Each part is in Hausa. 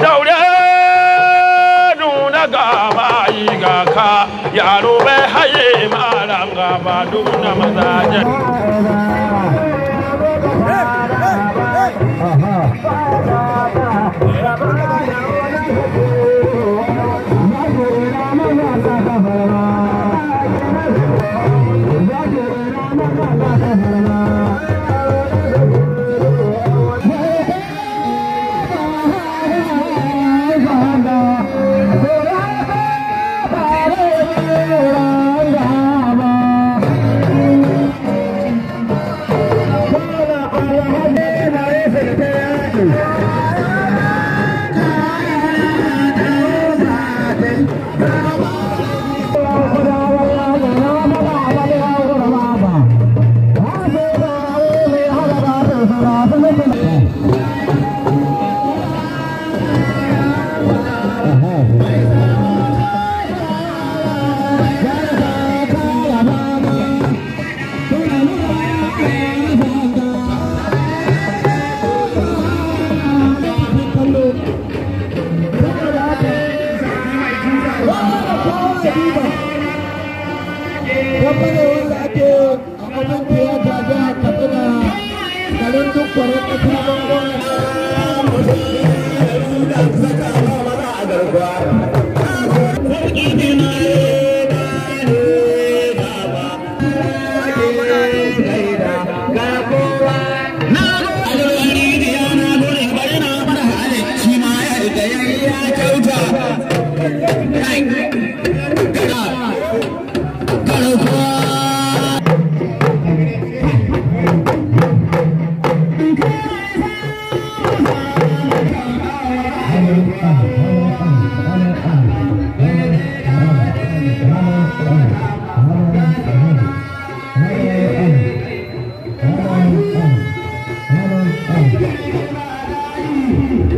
daure nuna gaba yi ga ka yaro bai haye malam gaba nuna mazajen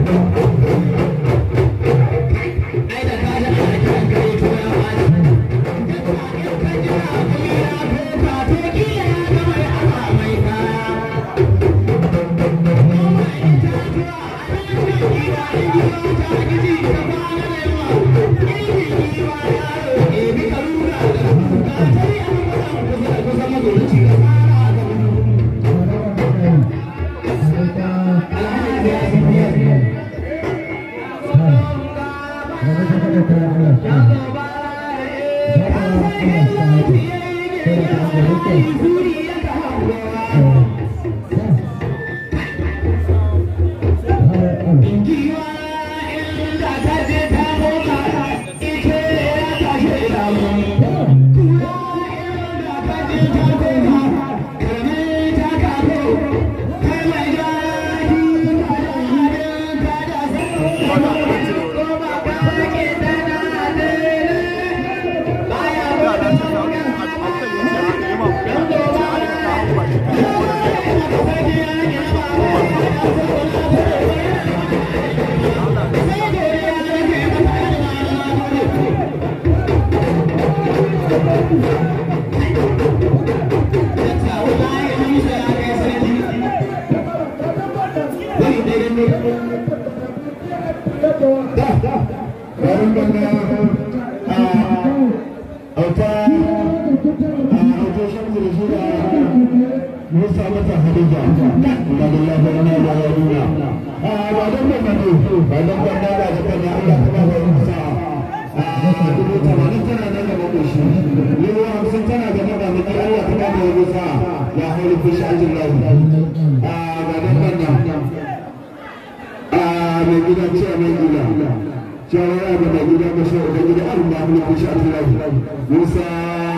Thank you. Thank you. mata hadija ya ya a ba da ba ba da kuma ba a tana da makoshi yiwuwa hamsin kuma ba gida ba ba da kuma musa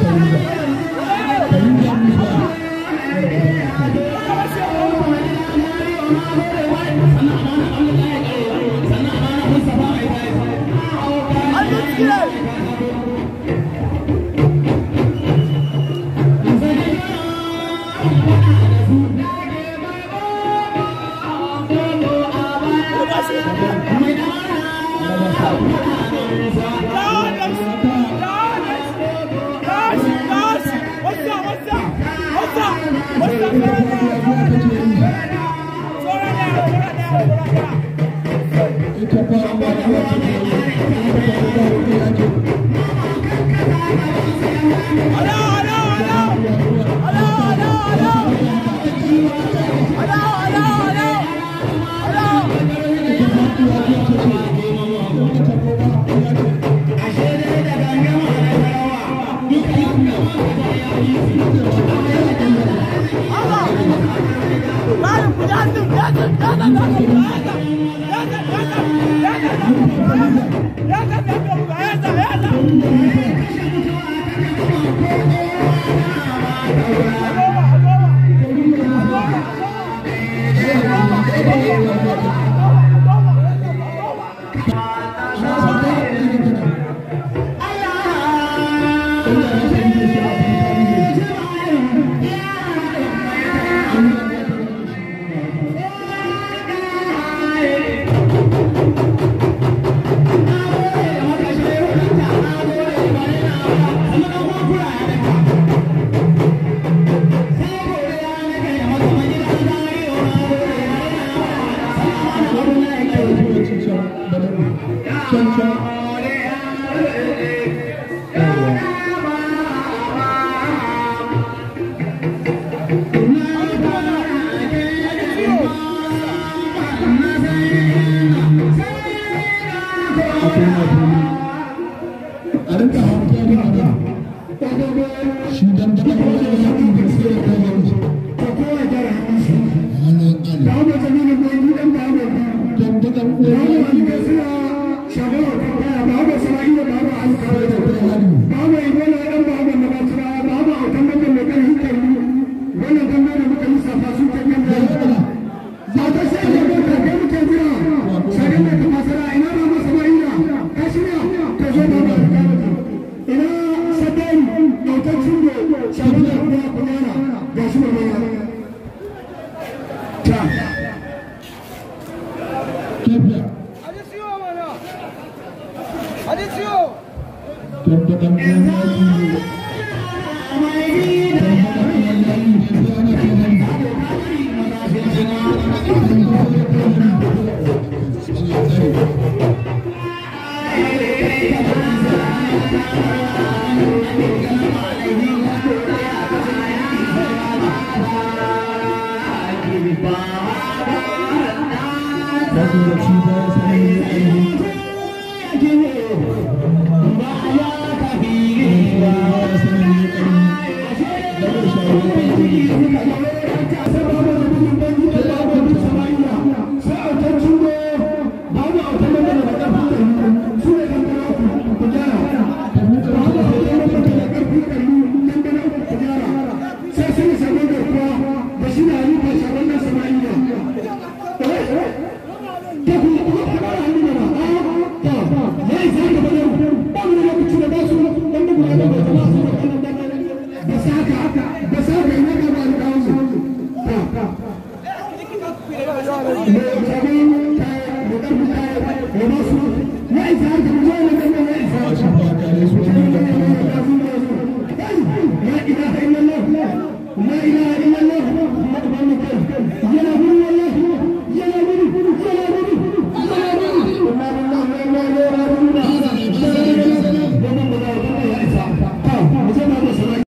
Thank you. SATUDA NUTA FU Championship ALO ALO ALO ALO DZINNA Amen.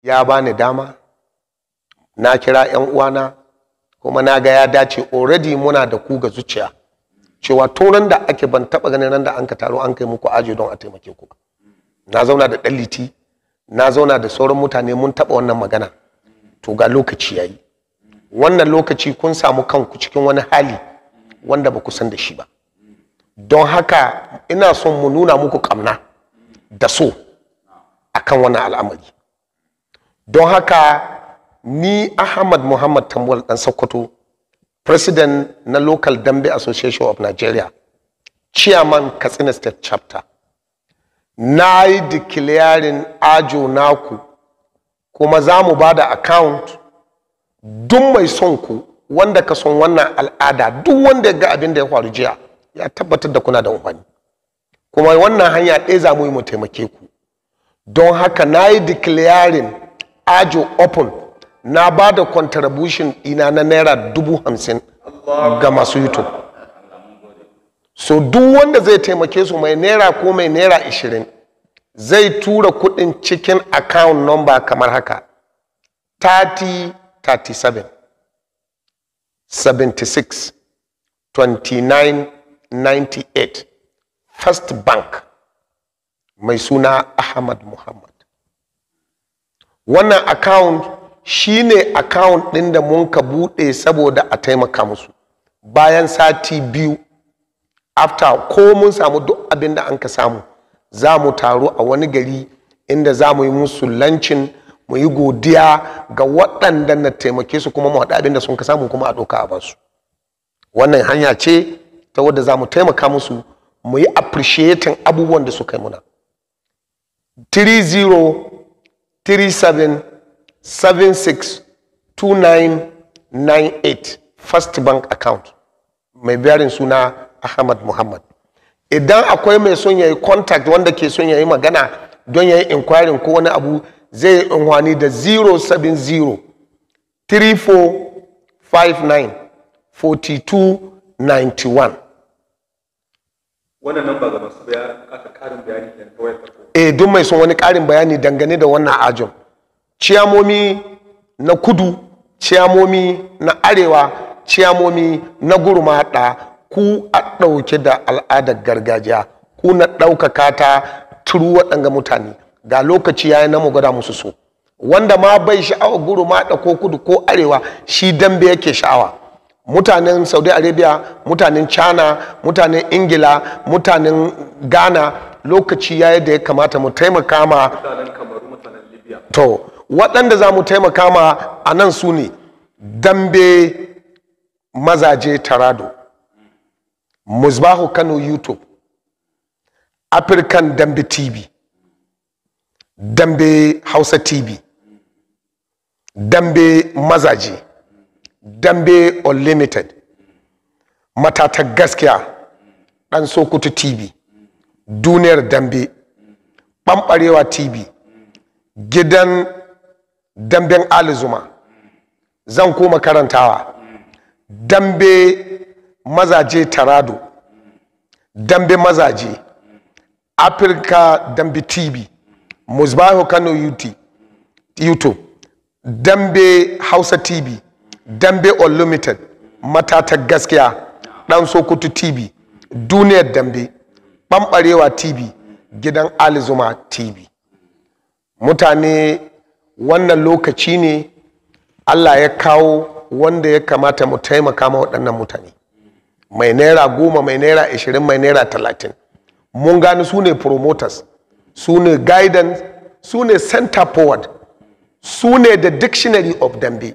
ya bani dama na kira 'yan uwana kuma na ga ya dace already muna da ku ga zuciya cewa toran da ake ban taba ganin ran da an ka taro an kai muku aje don a taimake ku na zauna da dalliti na zauna da sauran mutane mun taba wannan magana to ga lokaci ya yi, wannan lokaci kun samu kanku cikin wani hali wanda ba ku san da shi ba don haka ina son mu nuna muku kamna da so akan wannan al'amari don haka ni ahmad muhammad tambuwal dan sokoto president na local dambe association of nigeria chairman katsina state chapter na yi declaring ajo naku kuma za mu ba da account duk mai son ku wanda ka son wannan al'ada duk wanda ya ga abin da ya faru jiya ya tabbatar da kuna da umarni kuma wannan hanya ɗaya za mu yi mu taimake ku don haka na yi declaring ajo open na ba da contribution ɗina na naira dubu hamsin ga masu youtube so duk wanda zai taimake su mai naira ko mai naira ishirin zai tura kuɗin cikin account number kamar haka 30 37 76 29 98 first bank mai suna ahmad muhammad wannan account shine account ɗin da mun ka bude saboda a taimaka musu bayan sati biyu after ko mun samu duk abin da an ka samu za mu taru a wani gari inda za mu yi musu lancin mu yi godiya ga waɗanda na taimake su kuma mu haɗa abin da sun ka samu kuma a ɗauka a basu wannan hanya ce ta wadda za mu taimaka musu mu yi appreciating abubuwan da suka yi muna 37 76 2998 first bank account mai biyarin suna ahmad muhammad idan akwai mai son yayi contact wanda ke son yi magana don yayi inquiring ko wani abu zai yi unhwani da 070 3459 4291 wannan eh duk mai son wani karin bayani dangane da wannan ajin ciyamomi na kudu ciyamomi na arewa ciyamomi na gurmaɗa. ku a ɗauke da al'adar gargajiya ku na ɗaukaka ta turu waɗanga mutane ga lokaci yi na mu gwada musu so wanda ma bai sha'awa guru ma ko kudu ko arewa shi dambe yake sha'awa mutanen saudi arabia mutanen china mutanen ingila mutanen ghana lokaci ya yi da ya kamata mu taimaka ma to waɗanda za mu taimaka ma a nan su ne dambe mazaje tarado musbahu kano youtube african dambe tv dambe hausa tv dambe mazaje dambe unlimited matata gaskiya dan sokoto tv duniyar dambe ɓamɓarewa tv gidan damben alizuma zan koma karantawa dambe mazaje tarado dambe mazaje afirka dambe tv musbahu kano youtube dambe hausa tv dambe unlimited matatar gaskiya dan sokoto tv duniyar dambe ɓamɓarewa tv gidan alizuma tv mutane wannan lokaci ne allah ya kawo wanda ya kamata mu taimaka ma waɗannan mutane mai naira goma mai naira ashirin mai naira talatin mun gani su ne promoters su ne guidance su ne center forward su ne the dictionary of dambe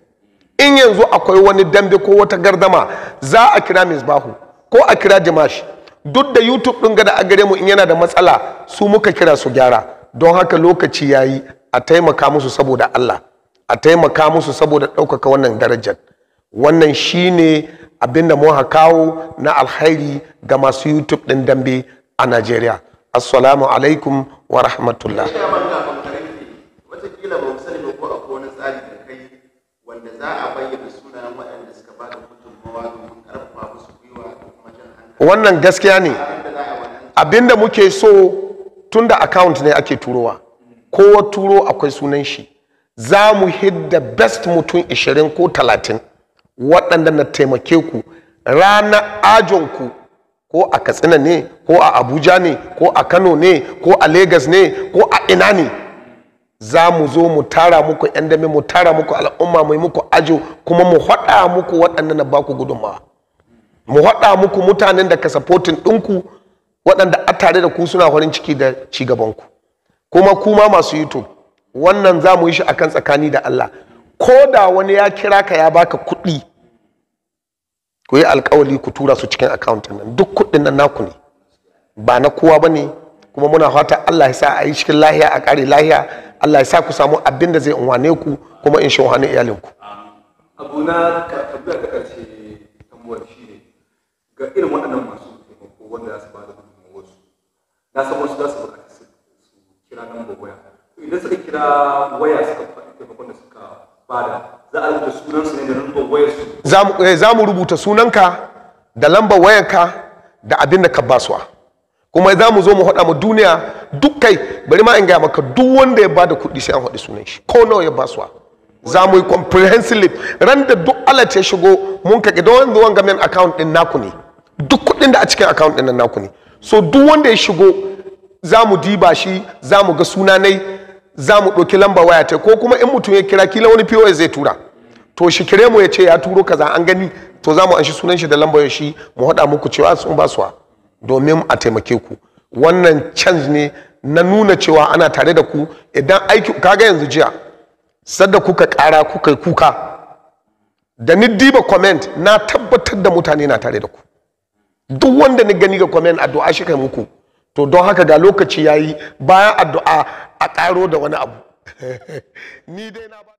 in yanzu akwai wani dambe ko wata gardama za a kira misbahu ko a kira dimash duk da youtube ɗin gada a gare mu in yana da matsala su muka kira su gyara don haka lokaci ya yi a taimaka musu saboda allah a taimaka musu saboda ɗaukaka wannan darajar wannan shine abinda mu ha kawo na alhairi ga masu youtube din dambe a najeriya assalamu alaikum wa rahmatullah wannan gaskiya ne abinda muke so tunda account ne ake turowa kowa turo akwai sunan shi za mu hidda best mutum 20 ko 30 waɗanda na taimake ku rana ajonku ko a katsina ne ko a abuja ne ko a kano ne ko a Legas ne ko a ina ne za mu zo mu tara muku yan dame mu tara muku al'umma mai muku ajo kuma mu haɗa muku waɗanda na baku gudunmawa mu haɗa muku mutanen da ka sapotin ɗinku waɗanda a tare da ku suna farin ciki da cigabanku kuma kuma masu youtube wannan za mu yi shi akan tsakani da allah ko da wani ya kira ka ya baka kuɗi ku yi alkawali ku tura su cikin account nan duk kuɗin nan naku ne ba na kowa ba ne kuma muna fata Allah ya sa a yi cikin lahiya a ƙare lahiya Allah ya sa ku samu abin da zai unwane ku kuma in shi unwane iyalinku. abu idan suka kira waya za mu eh, rubuta sunanka da lambar wayanka da abin da ka basuwa kuma za mu zo mu haɗa mu duniya duk kai bari ma in gaya maka duk wanda ya ba da kuɗi sai an haɗi sunan shi ko nawa ya basuwa za mu yi comprehensive ran da duk alat ya shigo mun kake don wanda wanga account din naku ne duk kuɗin da a cikin account din naku ne so duk wanda ya shigo za mu diba shi za mu ga sunanai za mu ɗauki lamba waya ta ko kuma in mutum ya kira kila wani POS zai tura to shi mu ya ce ya turo kaza an gani to za mu anshi sunan shi da lambar shi mu haɗa muku cewa sun ba suwa domin a taimake ku wannan change ne na nuna cewa ana tare da ku idan aiki ka ga yanzu jiya sadda kuka kara kuka kuka da ni diba comment na tabbatar da mutane na tare da ku duk wanda ni gani ga comment addu'a shi kai muku to don haka ga lokaci yayi bayan addu'a a karo da wani abu ni dai na